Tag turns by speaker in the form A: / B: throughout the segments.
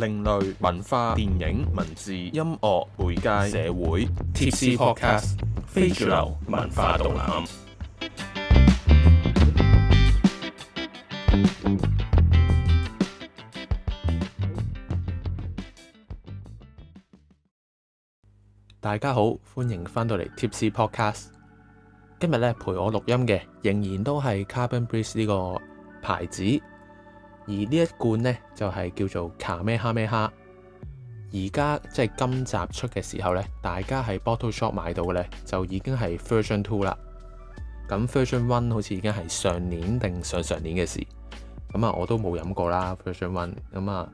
A: 另類文化、電影、文字、音樂、媒介、社會。Tipsy Podcast 非主流文化導覽。大家好，歡迎翻到嚟 Tipsy Podcast。今日咧陪我錄音嘅仍然都係 Carbon Breath 呢個牌子。而呢一罐呢，就係、是、叫做卡咩哈咩哈。而家即係今集出嘅時候呢，大家喺 bottle shop 買到嘅呢，就已經係 version two 啦。咁 version one 好似已經係上年定上上年嘅事。咁啊，我都冇飲過啦 version one。咁啊，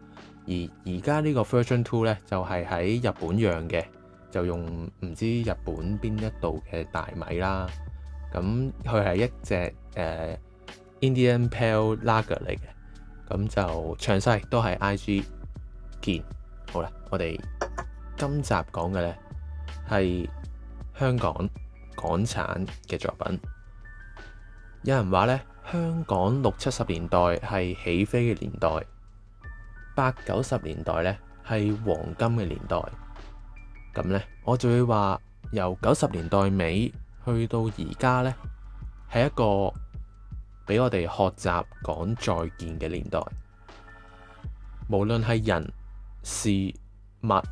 A: 而而家呢個 version two 呢就係、是、喺日本釀嘅，就用唔知日本邊一度嘅大米啦。咁佢係一隻、呃、Indian Pale Lager 嚟嘅。咁就詳細都係 I.G. 見好啦！我哋今集講嘅呢係香港港產嘅作品。有人話呢，香港六七十年代係起飛嘅年代，八九十年代呢係黃金嘅年代。咁呢，我就會話由九十年代尾去到而家呢，係一個，俾我哋學習講再見嘅年代，無論係人事物，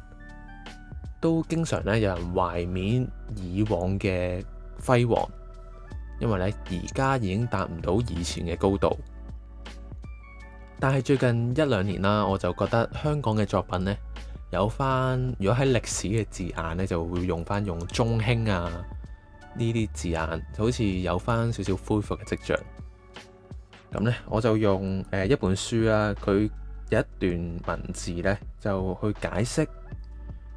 A: 都經常咧有人懷緬以往嘅輝煌，因為咧而家已經達唔到以前嘅高度。但係最近一兩年啦，我就覺得香港嘅作品呢，有翻。如果喺歷史嘅字眼呢，就會用翻用中興啊呢啲字眼，就好似有翻少少恢復嘅跡象。咁呢，我就用誒一本書啦，佢有一段文字呢，就去解釋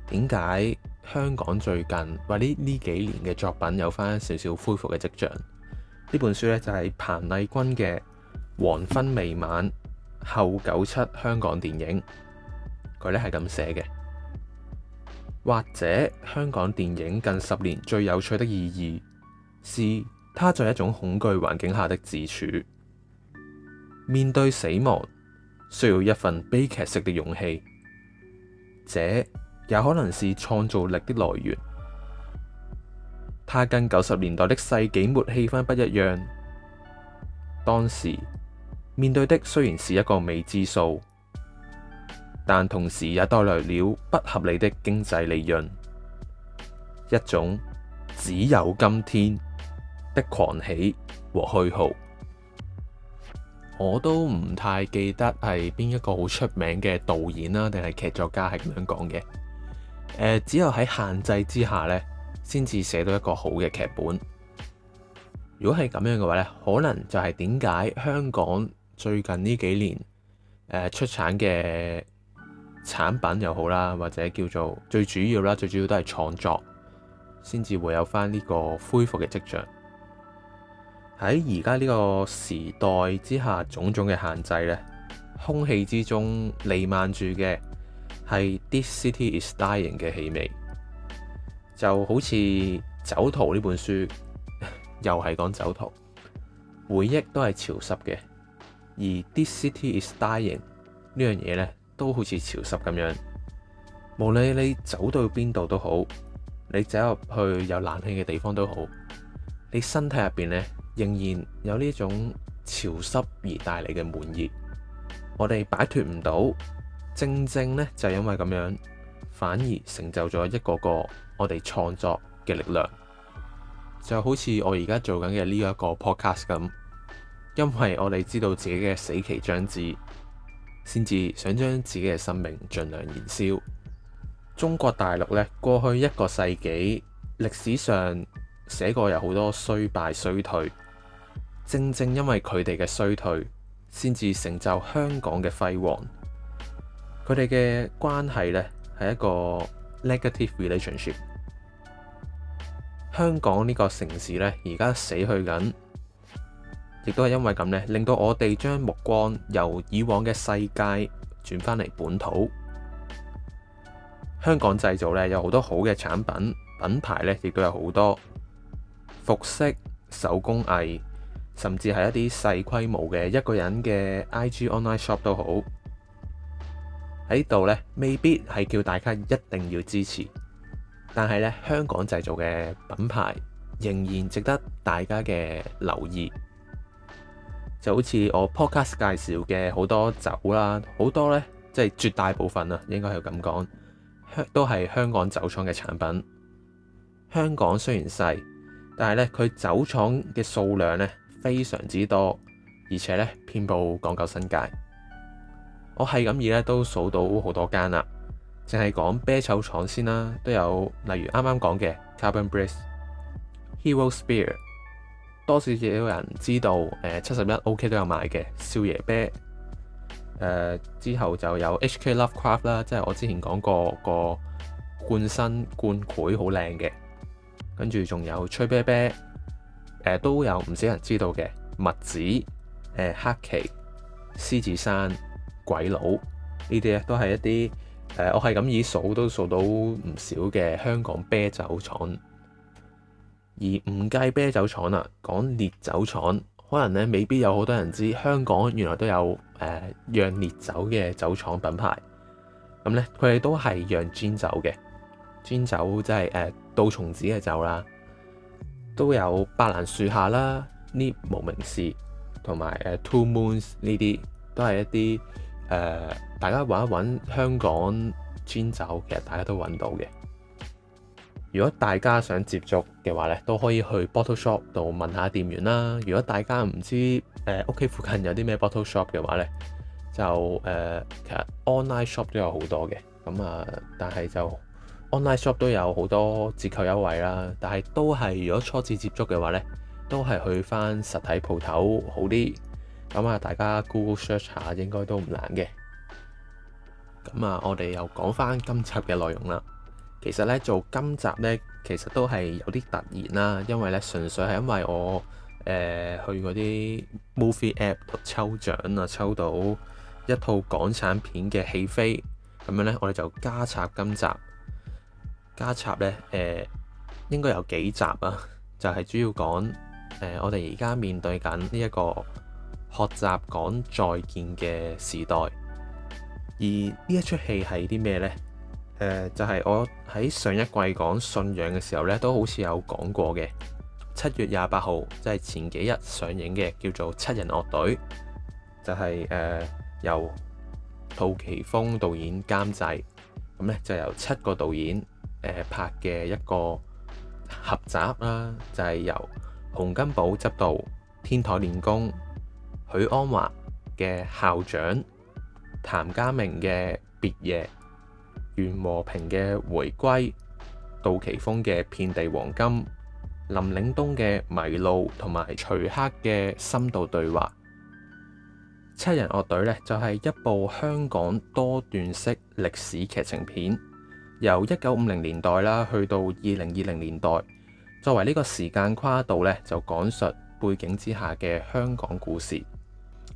A: 點解香港最近或呢呢幾年嘅作品有翻少少恢復嘅跡象。呢本書呢，就係彭麗君嘅《黃昏未晚後九七香港電影》，佢呢係咁寫嘅，或者香港電影近十年最有趣的意義，是它在一種恐懼環境下的自處。面對死亡，需要一份悲劇式的勇氣，這也可能是創造力的來源。它跟九十年代的世紀末氣氛不一樣。當時面對的雖然是一個未知數，但同時也帶來了不合理的經濟利潤，一種只有今天的狂喜和虛耗。我都唔太記得係邊一個好出名嘅導演啦，定係劇作家係咁樣講嘅。只有喺限制之下呢，先至寫到一個好嘅劇本。如果係咁樣嘅話呢，可能就係點解香港最近呢幾年出產嘅產品又好啦，或者叫做最主要啦，最主要都係創作先至會有翻呢個恢復嘅跡象。喺而家呢個時代之下，種種嘅限制呢，空氣之中彌漫住嘅係《This City Is Dying》嘅氣味，就好似《酒徒》呢本書 又係講酒徒，回憶都係潮濕嘅。而《This City Is Dying》呢樣嘢呢，都好似潮濕咁樣。無論你走到邊度都好，你走入去有冷氣嘅地方都好，你身體入面呢。仍然有呢種潮濕而帶嚟嘅悶熱，我哋擺脫唔到，正正呢就因為咁樣，反而成就咗一個個我哋創作嘅力量。就好似我而家做緊嘅呢一個 podcast 咁，因為我哋知道自己嘅死期將至，先至想將自己嘅生命盡量燃燒。中國大陸呢，過去一個世紀，歷史上寫過有好多衰敗衰退。正正因為佢哋嘅衰退，先至成就香港嘅輝煌。佢哋嘅關係呢，係一個 negative relationship。香港呢個城市呢，而家死去緊，亦都係因為咁呢，令到我哋將目光由以往嘅世界轉翻嚟本土。香港製造呢，有好多好嘅產品，品牌呢，亦都有好多服飾、手工藝。甚至係一啲細規模嘅一個人嘅 IG Online Shop 都好喺度呢，未必係叫大家一定要支持，但係呢，香港製造嘅品牌仍然值得大家嘅留意。就好似我 Podcast 介紹嘅好多酒啦，好多呢，即係絕大部分啊，應該係咁講，香都係香港酒廠嘅產品。香港雖然細，但係呢，佢酒廠嘅數量呢，非常之多，而且咧遍布港九新界。我係咁意咧，都數到好多間啦。淨係講啤酒廠先啦，都有例如啱啱講嘅 Carbon Brace Hero Spear，多少少有人知道誒，七十一 OK 都有買嘅少爺啤。誒、呃、之後就有 HK Lovecraft 啦，即係我之前講過個冠身冠繪好靚嘅，跟住仲有吹啤啤。誒都有唔少人知道嘅麥子、誒黑旗、獅子山、鬼佬呢啲咧，些都係一啲誒，我係咁易數都數到唔少嘅香港啤酒廠。而唔計啤酒廠啦、啊，講烈酒廠，可能咧未必有好多人知道，香港原來都有誒釀、呃、烈酒嘅酒廠品牌。咁咧，佢哋都係釀氈酒嘅，氈酒即係誒杜松子嘅酒啦。都有白蘭樹下啦，呢、無名氏同埋 Two Moons 呢啲，都係一啲、呃、大家揾一揾香港氈酒，其實大家都揾到嘅。如果大家想接觸嘅話咧，都可以去 bottle shop 度問下店員啦。如果大家唔知誒屋企附近有啲咩 bottle shop 嘅話咧，就、呃、其實 online shop 都有好多嘅。咁啊，但係就。Online shop 都有好多折扣優惠啦，但係都係，如果初次接觸嘅話呢，都係去翻實體鋪頭好啲。咁啊，大家 Google search 下應該都唔難嘅。咁啊，我哋又講翻今集嘅內容啦。其實呢，做今集呢，其實都係有啲突然啦，因為呢，純粹係因為我、呃、去嗰啲 movie app 度抽獎啊，抽到一套港產片嘅戲飛，咁樣呢，我哋就加插今集。加插咧，誒應該有幾集啊？就係、是、主要講誒、呃，我哋而家面對緊呢一個學習講再見嘅時代。而呢一出戲係啲咩呢？誒、呃、就係、是、我喺上一季講信仰嘅時候咧，都好似有講過嘅。七月廿八號即係前幾日上映嘅，叫做《七人樂隊》就是，就係誒由杜琪峰導演監製，咁咧就由七個導演，拍嘅一個合集啦，就係由洪金寶執導，《天台練功》、許鞍華嘅校長、譚家明嘅別夜、袁和平嘅回歸、杜琪峰嘅遍地黃金、林嶺東嘅迷路，同埋徐克嘅深度對話。七人樂隊呢，就係一部香港多段式歷史劇情片。由一九五零年代啦，去到二零二零年代，作為呢個時間跨度呢，就講述背景之下嘅香港故事。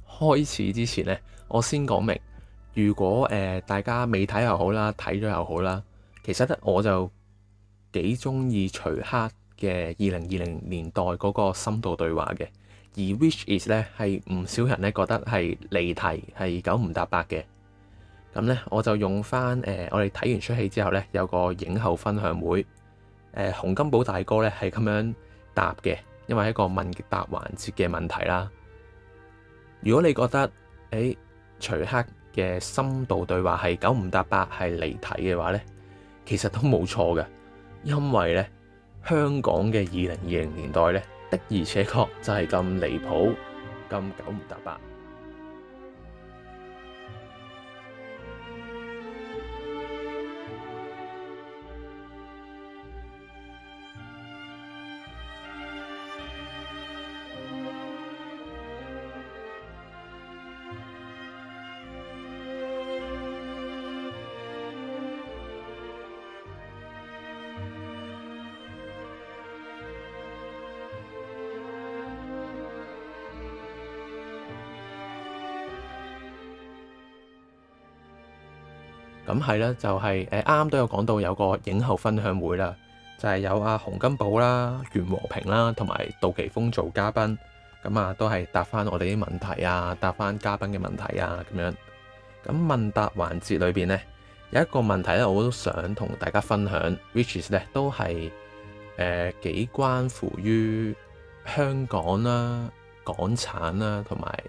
A: 開始之前呢，我先講明，如果誒、呃、大家未睇又好啦，睇咗又好啦，其實咧我就幾鍾意徐克嘅二零二零年代嗰個深度對話嘅，而 Which is 呢，係唔少人呢覺得係離題，係九唔搭八嘅。咁呢，我就用翻誒、呃，我哋睇完出戲之後呢，有個影後分享會，誒、呃、洪金寶大哥呢係咁樣答嘅，因為係一個問答環節嘅問題啦。如果你覺得誒、欸、徐克嘅深度對話係九唔搭八係離題嘅話呢，其實都冇錯嘅，因為呢，香港嘅二零二零年代呢的而且確就係咁離譜，咁九唔搭八。咁係啦，就係啱啱都有講到有個映後分享會啦，就係、是、有阿、啊、洪金寶啦、啊、袁和平啦同埋杜琪峰做嘉賓，咁啊都係答翻我哋啲問題啊，答翻嘉賓嘅問題啊咁樣。咁問答環節裏面呢，有一個問題咧，我都想同大家分享，which is 呢，都係誒、呃、幾關乎於香港啦、港產啦同埋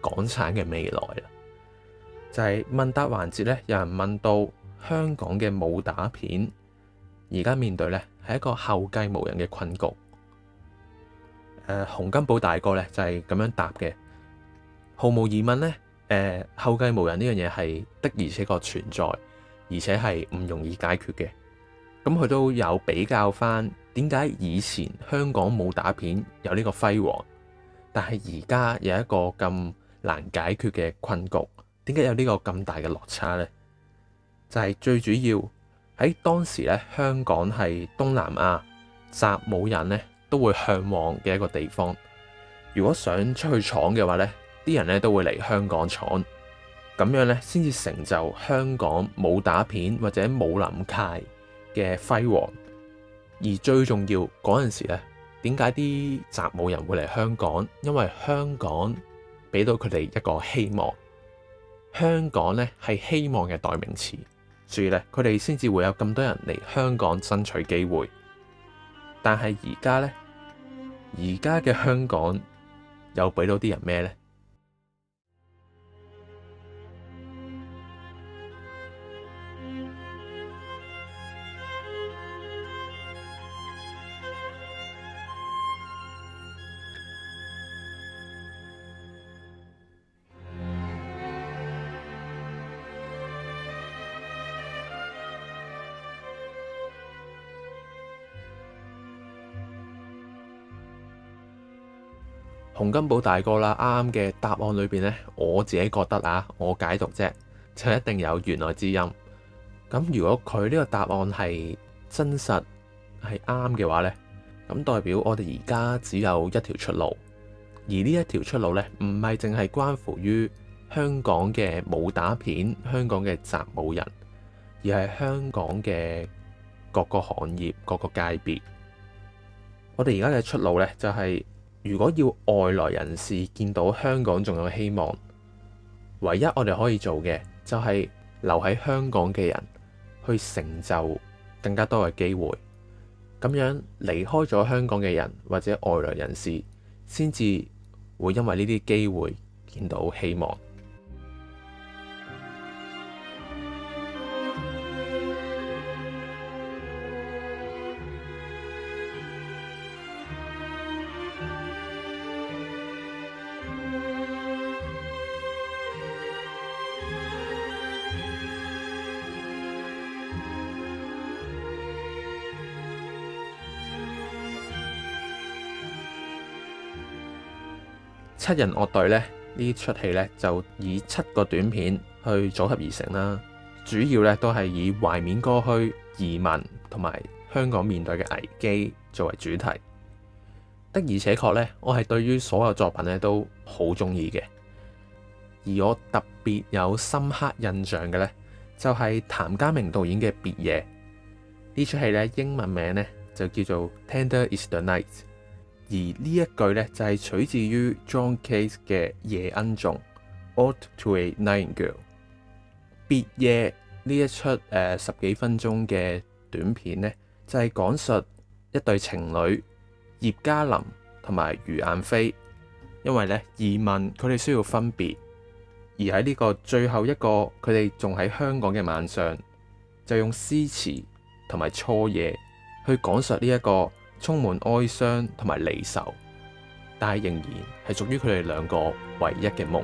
A: 港產嘅未來啦。就係問答環節咧，有人問到香港嘅武打片而家面對呢係一個後繼無人嘅困局。誒、呃，洪金寶大哥呢就係、是、咁樣答嘅。毫無疑問呢，誒、呃、後繼無人呢樣嘢係的而且確存在，而且係唔容易解決嘅。咁佢都有比較返點解以前香港武打片有呢個輝煌，但係而家有一個咁難解決嘅困局。點解有呢個咁大嘅落差呢？就係、是、最主要喺當時咧，香港係東南亞習武人咧都會嚮往嘅一個地方。如果想出去闖嘅話呢啲人咧都會嚟香港闖，咁樣呢，先至成就香港武打片或者武林界嘅輝煌。而最重要嗰陣時咧，點解啲習武人會嚟香港？因為香港俾到佢哋一個希望。香港呢係希望嘅代名詞，所以咧佢哋先至會有咁多人嚟香港爭取機會。但係而家呢，而家嘅香港又俾到啲人咩呢？洪金寶大哥啦，啱嘅答案裏邊呢，我自己覺得啊，我解讀啫，就一定有弦外之音。咁如果佢呢個答案係真實係啱嘅話呢，咁代表我哋而家只有一條出路，而呢一條出路呢，唔係淨係關乎於香港嘅武打片、香港嘅習武人，而係香港嘅各個行業、各個界別。我哋而家嘅出路呢，就係、是。如果要外來人士見到香港仲有希望，唯一我哋可以做嘅就係留喺香港嘅人去成就更加多嘅機會，咁樣離開咗香港嘅人或者外來人士先至會因為呢啲機會見到希望。七人樂隊呢，呢出戲呢，就以七個短片去組合而成啦，主要呢，都係以懷緬歌墟移民同埋香港面對嘅危機作為主題。的而且確呢，我係對於所有作品呢，都好中意嘅，而我特別有深刻印象嘅呢，就係譚家明導演嘅別夜呢出戲呢，英文名呢，就叫做 Tender Is The Night。而呢一句呢，就係、是、取自於 John Keats 嘅《夜鶯頌》，Ode to a Nightingale 別別夜呢一出、呃、十幾分鐘嘅短片呢，就係、是、講述一對情侶葉嘉林同埋余顏飛，因為呢，移民佢哋需要分別，而喺呢個最後一個佢哋仲喺香港嘅晚上，就用詩詞同埋初夜去講述呢、這、一個。充滿哀傷同埋離愁，但係仍然係屬於佢哋兩個唯一嘅夢。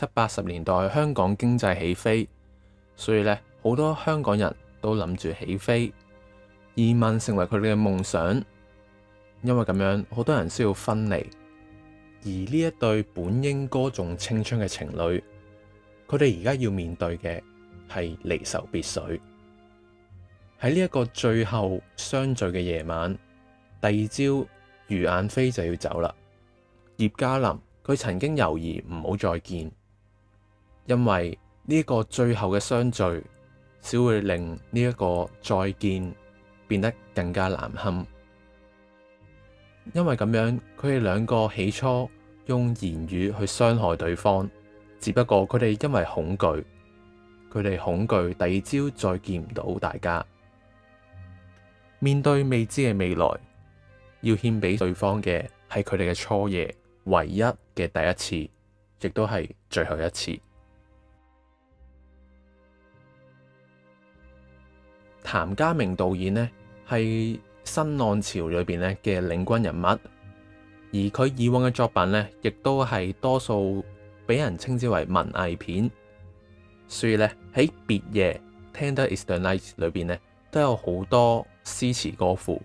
A: 七八十年代，香港經濟起飛，所以咧好多香港人都諗住起飛移民，成為佢哋嘅夢想。因為咁樣，好多人需要分離。而呢一對本應歌頌青春嘅情侶，佢哋而家要面對嘅係離愁別緒。喺呢一個最後相聚嘅夜晚，第二朝余眼飛就要走啦。葉嘉林佢曾經猶豫唔好再見。因為呢個最後嘅相聚，只會令呢一個再見變得更加難堪。因為咁樣，佢哋兩個起初用言語去傷害對方，只不過佢哋因為恐懼，佢哋恐懼第二朝再見唔到大家。面對未知嘅未來，要獻俾對方嘅係佢哋嘅初夜，唯一嘅第一次，亦都係最後一次。譚家明導演咧係新浪潮裏邊咧嘅領軍人物，而佢以往嘅作品咧，亦都係多數俾人稱之為文藝片，所以咧喺別夜 Tender is the night 裏邊咧，都有好多詩詞歌賦，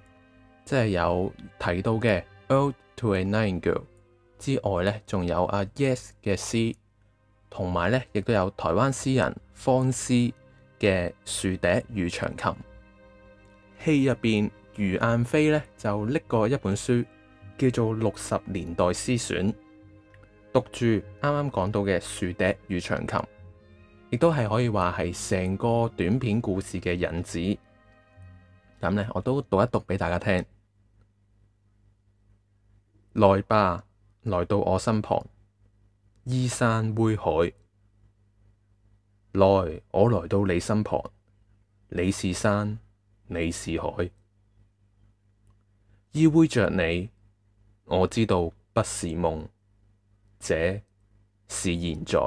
A: 即係有提到嘅《Ode to a Nightingale》之外咧，仲有阿 Yes 嘅詩，同埋咧亦都有台灣詩人方思。嘅豎笛與長琴，戲入邊余雁飛呢就拎過一本書叫做《六十年代詩選》，讀住啱啱講到嘅豎笛與長琴，亦都係可以話係成個短片故事嘅引子。咁呢，我都讀一讀俾大家聽。來吧，來到我身旁，依山偎海，來，我來到你身旁，你是山，你是海，依偎着你，我知道不是夢，這是現在。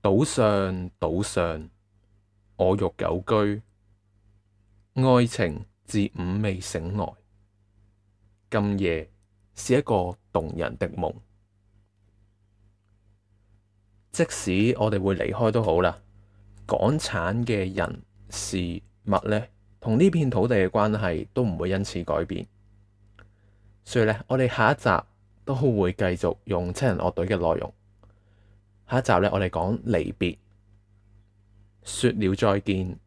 A: 島上，島上，我欲久居，愛情自午未醒來，今夜是一個動人的夢。即使我哋會離開都好啦，港產嘅人事物呢，同呢片土地嘅關係都唔會因此改變。所以咧，我哋下一集都會繼續用七人樂隊嘅內容。下一集咧，我哋講離別，說了再見，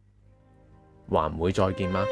A: 還會再見嗎？